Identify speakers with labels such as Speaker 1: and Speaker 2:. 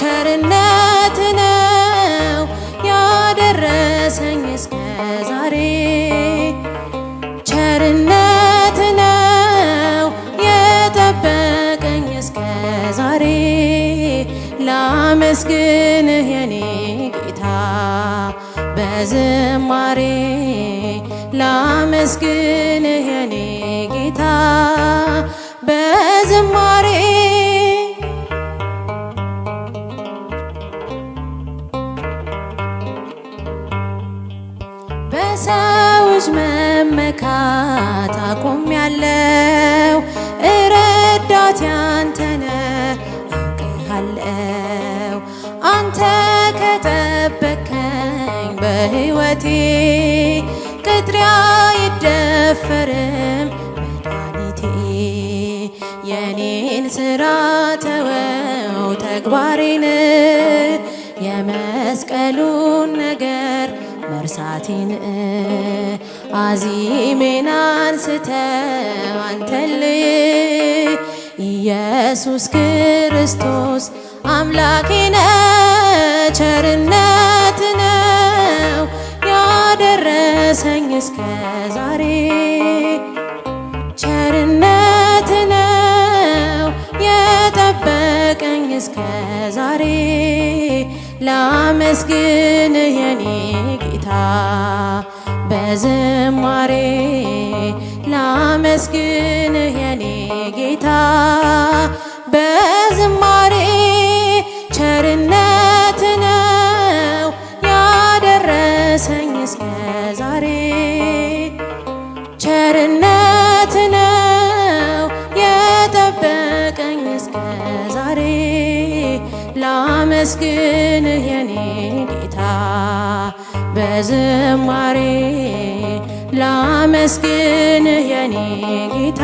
Speaker 1: ቸርነት ነው ያደረሰኝ እስከ ዛሬ ቸርነት ነው የጠበቀኝ እስከ ዛሬ ላመስግንህ የኔ ጌታ በዝማሬ ላመስግንህ የኔ ጌታ በሰዎች መመካት አቁም ያለው እረዳት ያንተነ አውቅሃለው አንተ ከጠበከኝ በህይወቴ ቅጥሬ አይደፈርም መድኃኒቴ የኔን ስራ ተወው ተግባሬን የመስቀሉን ነገር መርሳቴን አዚሜን አንስተው አንተል ኢየሱስ ክርስቶስ አምላኬ ነው ቸርነት ነው ያደረሰኝ እስከ ዛሬ ቸርነት ነው የጠበቀኝ እስከ ዛሬ ላመስግን የኔ ጌታ በዝማሬ ላመስግንህ የኔ ጌታ በዝማሬ ቸርነት ነው ያደረሰኝ እስከ ዛሬ ቸርነት ነው የጠበቀኝ እስከ ዛሬ ላመስግንህ የኔ በዝማሬ ላመስግን የኔ ጌታ